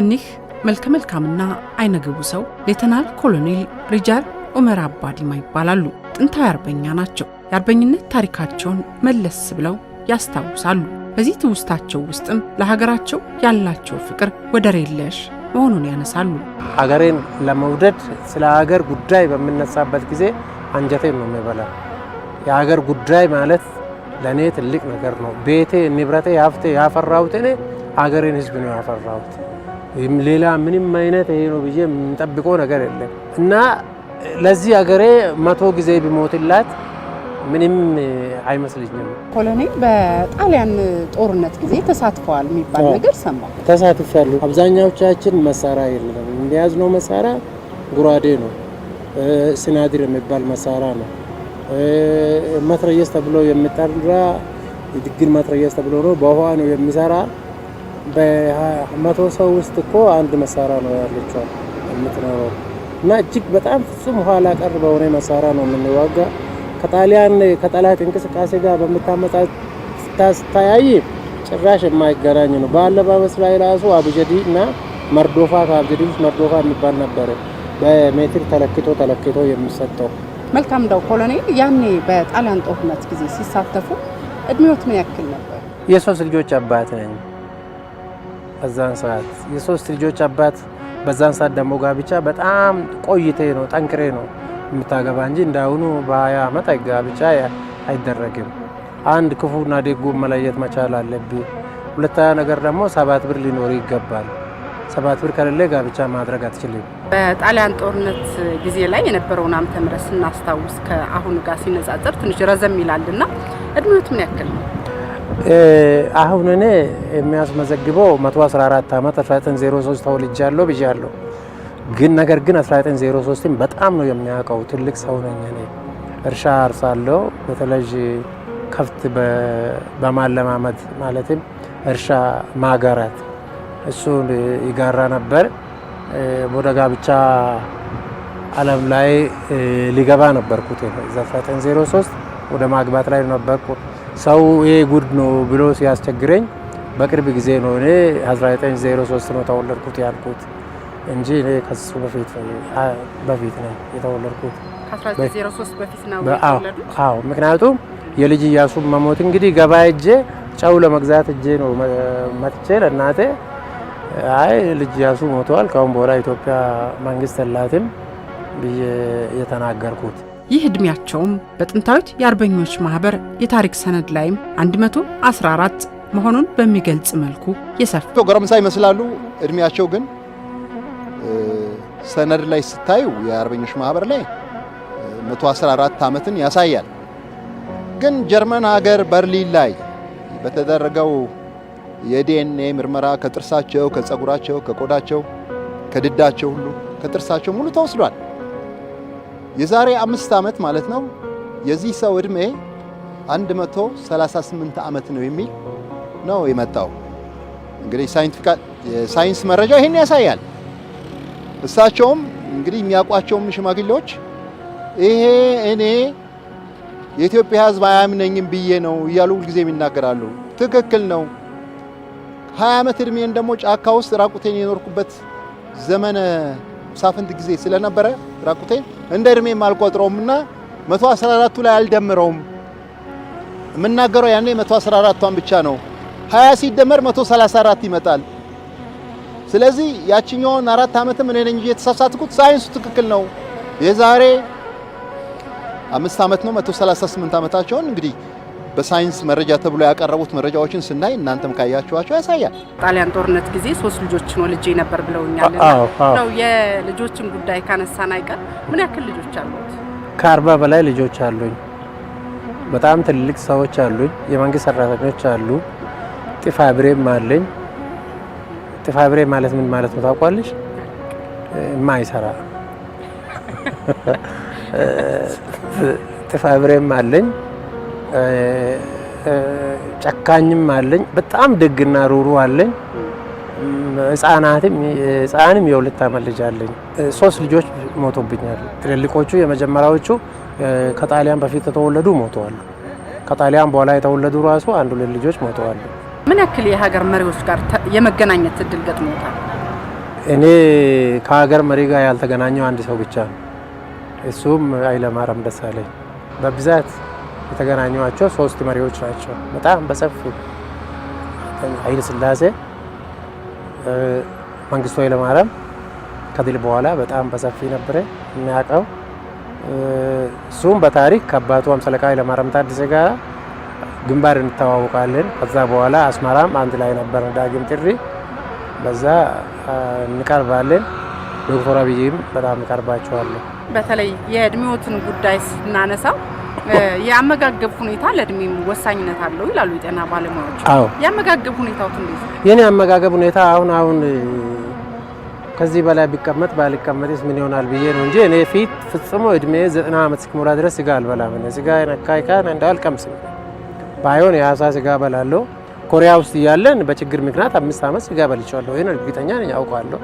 እኒህ መልከ መልካምና አይነግቡ ሰው ሌተናል ኮሎኔል ሪጃር ኡመር አባዲማ ይባላሉ። ጥንታዊ አርበኛ ናቸው። የአርበኝነት ታሪካቸውን መለስ ብለው ያስታውሳሉ። በዚህ ትውስታቸው ውስጥም ለሀገራቸው ያላቸው ፍቅር ወደር የለሽ መሆኑን ያነሳሉ። ሀገሬን ለመውደድ ስለ ሀገር ጉዳይ በምነሳበት ጊዜ አንጀቴን ነው የሚበላ። የሀገር ጉዳይ ማለት ለእኔ ትልቅ ነገር ነው። ቤቴ፣ ንብረቴ፣ ሀብቴ ያፈራሁት እኔ ሀገሬን ህዝብ ነው ያፈራሁት። ሌላ ምንም አይነት ይሄ ነው ብዬ የምጠብቀው ነገር የለም እና ለዚህ ሀገሬ መቶ ጊዜ ቢሞትላት ምንም አይመስልኝም። ኮሎኔል በጣሊያን ጦርነት ጊዜ ተሳትፈዋል የሚባል ነገር ሰማ። ተሳትፋሉ። አብዛኛዎቻችን መሳሪያ የለም። እንደያዝነው መሳሪያ ጉራዴ ነው፣ ስናድር የሚባል መሳሪያ ነው። መትረየስ ተብሎ የሚጠራ ድግን መትረየስ ተብሎ ነው። በውሃ ነው የሚሰራ በመቶ ሰው ውስጥ እኮ አንድ መሳሪያ ነው ያለችዋል የምትኖረው እና እጅግ በጣም ፍጹም ኋላ ቀር በሆነ መሳሪያ ነው የምንዋጋ። ከጣሊያን ከጠላት እንቅስቃሴ ጋር በምታመጣስተያይ ጭራሽ የማይገናኝ ነው። በአለባበስ ላይ ራሱ አብጀዲ እና መርዶፋ ከአብጀዲ ውስጥ መርዶፋ የሚባል ነበረ በሜትር ተለክቶ ተለክቶ የሚሰጠው። መልካም እንደው ኮሎኔል፣ ያኔ በጣሊያን ጦርነት ጊዜ ሲሳተፉ እድሜዎት ምን ያክል ነበር? የሶስት ልጆች አባት ነኝ። በዛን ሰዓት የሶስት ልጆች አባት በዛን ሰዓት ደግሞ ጋብቻ በጣም ቆይቴ ነው ጠንክሬ ነው የምታገባ እንጂ እንዳሁኑ በሀያ ዓመት ጋብቻ አይደረግም። አንድ ክፉና ደጉ መለየት መቻል አለብ ሁለተኛ ነገር ደግሞ ሰባት ብር ሊኖር ይገባል። ሰባት ብር ከሌለ ጋብቻ ማድረግ አትችልም። በጣሊያን ጦርነት ጊዜ ላይ የነበረውን ዓመተ ምሕረት ስናስታውስ ከአሁኑ ጋር ሲነጻጸር ትንሽ ረዘም ይላልና እድሜዎት ምን ያክል ነው? አሁን እኔ የሚያስመዘግበው 114 ዓመት 1903 ተወልጃለሁ ብያለሁ። ግን ነገር ግን 1903ን በጣም ነው የሚያውቀው። ትልቅ ሰው ነኝ እኔ። እርሻ አርሳለሁ። በተለይ ከፍት በማለማመት ማለትም እርሻ ማጋራት እሱን ይጋራ ነበር። ወደ ጋብቻ አለም ላይ ሊገባ ነበርኩት 1903 ወደ ማግባት ላይ ነበርኩ። ሰው ይሄ ጉድ ነው ብሎ ሲያስቸግረኝ በቅርብ ጊዜ ነው እኔ 1903 ነው ተወለድኩት ያልኩት እንጂ እኔ ከሱ በፊት በፊት ነው የተወለድኩት። አዎ ምክንያቱም የልጅ እያሱ መሞት እንግዲህ ገባ እጄ ጨው ለመግዛት እጄ ነው መጥቼ ለእናቴ አይ ልጅ እያሱ ሞተዋል፣ ካሁን በኋላ ኢትዮጵያ መንግስት የላትም ብዬ የተናገርኩት። ይህ ዕድሜያቸውም በጥንታዊት የአርበኞች ማኅበር የታሪክ ሰነድ ላይም 114 መሆኑን በሚገልጽ መልኩ የሰፋ ጎረምሳ ይመስላሉ። ዕድሜያቸው ግን ሰነድ ላይ ስታዩ የአርበኞች ማኅበር ላይ 114 ዓመትን ያሳያል። ግን ጀርመን ሀገር በርሊን ላይ በተደረገው የዲኤንኤ ምርመራ ከጥርሳቸው፣ ከፀጉራቸው፣ ከቆዳቸው፣ ከድዳቸው ሁሉ ከጥርሳቸው ሙሉ ተወስዷል። የዛሬ አምስት ዓመት ማለት ነው የዚህ ሰው ዕድሜ 138 ዓመት ነው የሚል ነው የመጣው። እንግዲህ የሳይንስ መረጃ ይህን ያሳያል። እሳቸውም እንግዲህ የሚያውቋቸውም ሽማግሌዎች ይሄ እኔ የኢትዮጵያ ሕዝብ አያምነኝም ብዬ ነው እያሉ ሁልጊዜም ይናገራሉ። ትክክል ነው። ሀያ ዓመት ዕድሜን ደግሞ ጫካ ውስጥ ራቁቴን የኖርኩበት ዘመነ ሳፍንት ጊዜ ስለነበረ ራቁቴን እንደ እድሜም አልቆጥረውም መቶ 114 አራቱ ላይ አልደምረውም። የምናገረው ያኔ 114ቷን ብቻ ነው። 20 ሲደመር 134 ይመጣል። ስለዚህ ያችኛውን አራት ዓመትም እኔ ነኝ የተሳሳትኩት። ሳይንሱ ትክክል ነው። የዛሬ አምስት ዓመት ነው 138 ዓመታቸውን እንግዲህ በሳይንስ መረጃ ተብሎ ያቀረቡት መረጃዎችን ስናይ እናንተም ካያችኋቸው ያሳያል። ጣሊያን ጦርነት ጊዜ ሶስት ነው ልጄ ነበር ብለውኛል። ነው የልጆችን ጉዳይ ካነሳን አይቀር ምን ያክል ልጆች አሉት? ከአርባ በላይ ልጆች አሉኝ። በጣም ትልልቅ ሰዎች አሉኝ። የመንግስት ሰራተኞች አሉ። ጢፋብሬም አለኝ። ጢፋብሬ ማለት ምን ማለት ነው ታውቋለች? የማይሰራ ጢፋብሬም አለኝ ጨካኝም አለኝ። በጣም ደግና ሩሩ አለኝ። ህጻናትም ህጻንም የሁለት ዓመት ልጅ አለኝ። ሶስት ልጆች ሞቶብኛል። ትልልቆቹ የመጀመሪያዎቹ ከጣሊያን በፊት የተወለዱ ሞተዋል። ከጣሊያን በኋላ የተወለዱ ራሱ አንድ ሁለት ልጆች ሞተዋል። ምን ያክል የሀገር መሪዎች ጋር የመገናኘት እድል ገጥሞታል? እኔ ከሀገር መሪ ጋር ያልተገናኘው አንድ ሰው ብቻ ነው። እሱም ኃይለማርያም ደሳለኝ በብዛት የተገናኘኋቸው ሶስት መሪዎች ናቸው። በጣም በሰፊ ኃይለ ሥላሴ፣ መንግስቱ ማርያም ከድል በኋላ በጣም በሰፊ ነበረ የሚያውቀው። እሱም በታሪክ ከአባቱ ኃይለ ማርያም ታደሰ ጋር ግንባር እንተዋወቃለን። ከዛ በኋላ አስመራም አንድ ላይ ነበር ዳግም ጥሪ፣ በዛ እንቀርባለን። ዶክተር አብይም በጣም እንቀርባቸዋለን። በተለይ የእድሜዎትን ጉዳይ ስናነሳው። የአመጋገብ ሁኔታ ለእድሜም ወሳኝነት አለው ይላሉ የጤና ባለሙያዎች። አዎ የአመጋገብ ሁኔታው እንዴት ነው? የኔ አመጋገብ ሁኔታ አሁን አሁን ከዚህ በላይ ቢቀመጥ ባልቀመጥስ ምን ይሆናል ብዬ ነው እንጂ እኔ ፊት ፍጽሞ እድሜ ዘጠና ዓመት እስኪሞላ ድረስ ስጋ አልበላም። ስጋ ነካይ ካን አልቀምስም። ባይሆን የአሳ ስጋ በላለሁ። ኮሪያ ውስጥ እያለን በችግር ምክንያት አምስት ዓመት ስጋ በልቻለሁ። ይሄን እርግጠኛ ነኝ አውቃለሁ።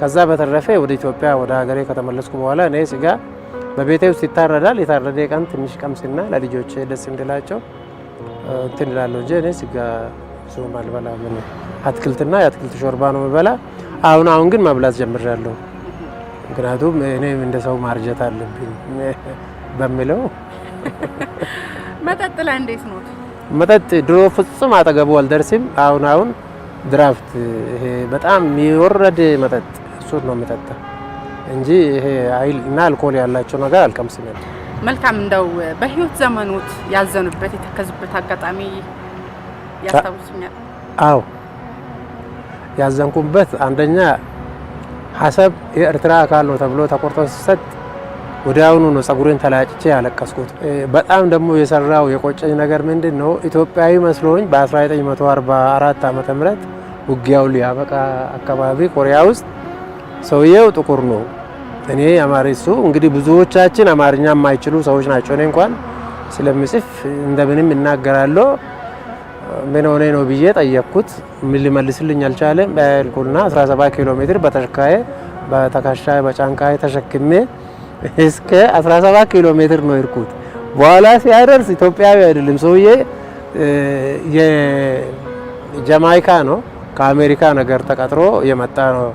ከዛ በተረፈ ወደ ኢትዮጵያ ወደ ሀገሬ ከተመለስኩ በኋላ እኔ ስጋ በቤቴ ውስጥ ይታረዳል። የታረደ ቀን ትንሽ ቀምስና ለልጆች ደስ እንድላቸው እንትን እላለሁ እንጂ እኔ ስጋ ብዙም ምን አትክልትና የአትክልት ሾርባ ነው የምበላ። አሁን አሁን ግን መብላት ጀምሬያለሁ። ምክንያቱም እኔ እንደ ሰው ማርጀት አለብኝ በሚለው መጠጥ ላይ እንዴት ነው? መጠጥ ድሮ ፍጹም አጠገቡ አልደርስም። አሁን አሁን ድራፍት ይሄ በጣም የወረደ መጠጥ እሱ ነው የሚጠጣ እንጂ ይሄ አይል እና አልኮል ያላቸው ነገር አልቀምስም። መልካም። እንደው በህይወት ዘመኖት ያዘኑበት የተከዙበት አጋጣሚ ያስታውሱኛል? አዎ ያዘንኩበት አንደኛ ሀሰብ የኤርትራ አካል ነው ተብሎ ተቆርጦ ሲሰጥ ወዲያውኑ ነው ጸጉሬን ተላጭቼ ያለቀስኩት። በጣም ደግሞ የሰራው የቆጨኝ ነገር ምንድን ነው? ኢትዮጵያዊ መስሎኝ በ1944 ዓ ም ውጊያው ሊያበቃ አካባቢ ኮሪያ ውስጥ ሰውየው ጥቁር ነው። እኔ አማሪ እሱ እንግዲህ ብዙዎቻችን አማርኛ የማይችሉ ሰዎች ናቸው። እኔ እንኳን ስለምጽፍ እንደምንም እናገራለሁ። ምን ሆነ ነው ብዬ ጠየቅኩት። ምን ሊመልስልኝ አልቻለም። በልኩና 17 ኪሎ ሜትር በተሽካይ በተካሻ በጫንቃይ ተሸክሜ እስከ 17 ኪሎ ሜትር ነው ይርኩት። በኋላ ሲያደርስ ኢትዮጵያዊ አይደለም ሰውዬ የጃማይካ ነው ከአሜሪካ ነገር ተቀጥሮ የመጣ ነው